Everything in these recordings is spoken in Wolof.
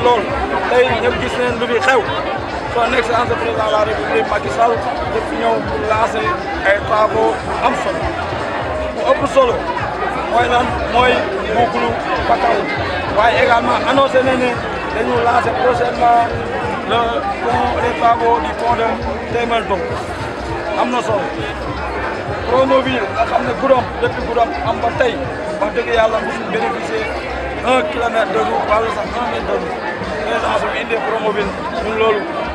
kontaan lool tey ñëpp gis nañ lu fi xew son excellence président de la république Macky Sall ñëpp ñëw pour lancer ay travaux am solo bu ëpp solo mooy lan mooy boucle Bakaw waaye également annoncé nañ ne dañu lancer prochainement le pont les travaux du pont de Téemédou am na solo Pronoville nga xam ne Goudomp depuis Goudomp am ba tey wax dëgg yàlla mosul bénéficier un kilomètre de route wala sax un mètre de route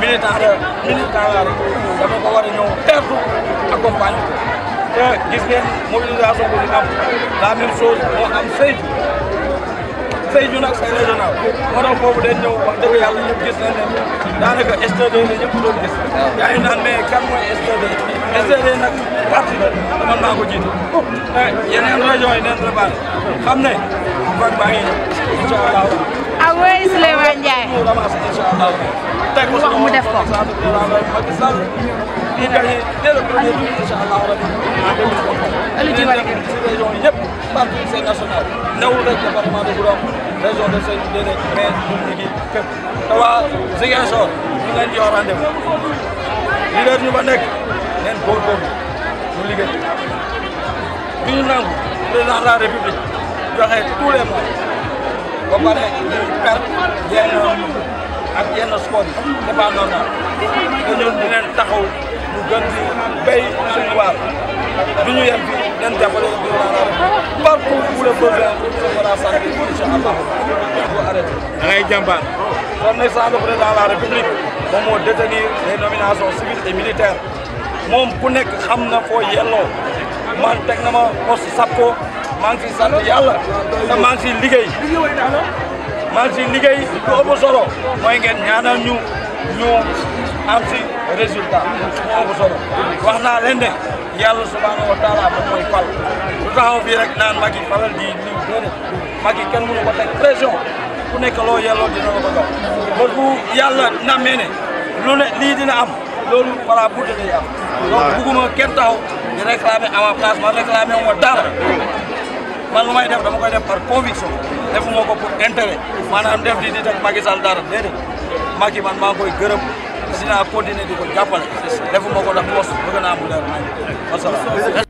militant la militant la rek dafa ko war a ñëw teertu accompagne te gis ngeen mobilisation bi di am la même chose moo am Sédhiou Sédhiou nag c'est régional moo tax foofu dañ ñëw wax dëgg yàlla gis ne daanaka STD la ñëpp doon gis yaa ngi naan mais kan man maa ko jiite yeneen région yi neen la baax xam ne man maa ngi incha mu wax mu def ko. allo ji wala kër. yëpp partout c'est national ndawul rek département de Goudomp région de Sédhiou déedéet mais ñu ngi fépp te waa Ziguinchor ñu ngi leen di jox rendez-vous leader ñu nekk neen góorgóorlu ñu liggéey bi ñu nangu président de la joxe tous les ba pare ñuy perte yenn ak yenn sport yi c'est pas normal te ñun dinañ taxaw ñu gën di béy suñu waar du ñu yem fii dañ jàppale ko partout où le besoin se fera sentir incha allah bu arrêté. da ngay jàmbaar. son excellence le président de la république moom moo détenir les nominations civiles et militaires moom ku nekk xam na foo yelloo man teg na ma poste SAPCO. maa ngi ciy sant yàlla te maa ngi ciy liggéey maa ngi ciy liggéey mooy ngeen ñaanal ñu ñu am ci résultat moo wax naa leen ne yàlla subhaanahu wa taala mooy fal lu taxaw fii naan Macky falal di ni déedéet Macky kenn mënu ko teg ku nekk loo yelloo dina la ko jox bët bu yàlla nammee ne lu ne lii dina am loolu voilà bu dee day am donc bugguma kenn taxaw di réclamer à ma place ma réclamer wu man lu may def dama koy def par conviction defuma ko pour intérêt maanaam def di di teg Macky Sall dara déedéet Macky man maa ngi koy gërëm dinaa continuer di ko jàppale defuma ko ndax poste bëgg naa mu leer nañ wasalaam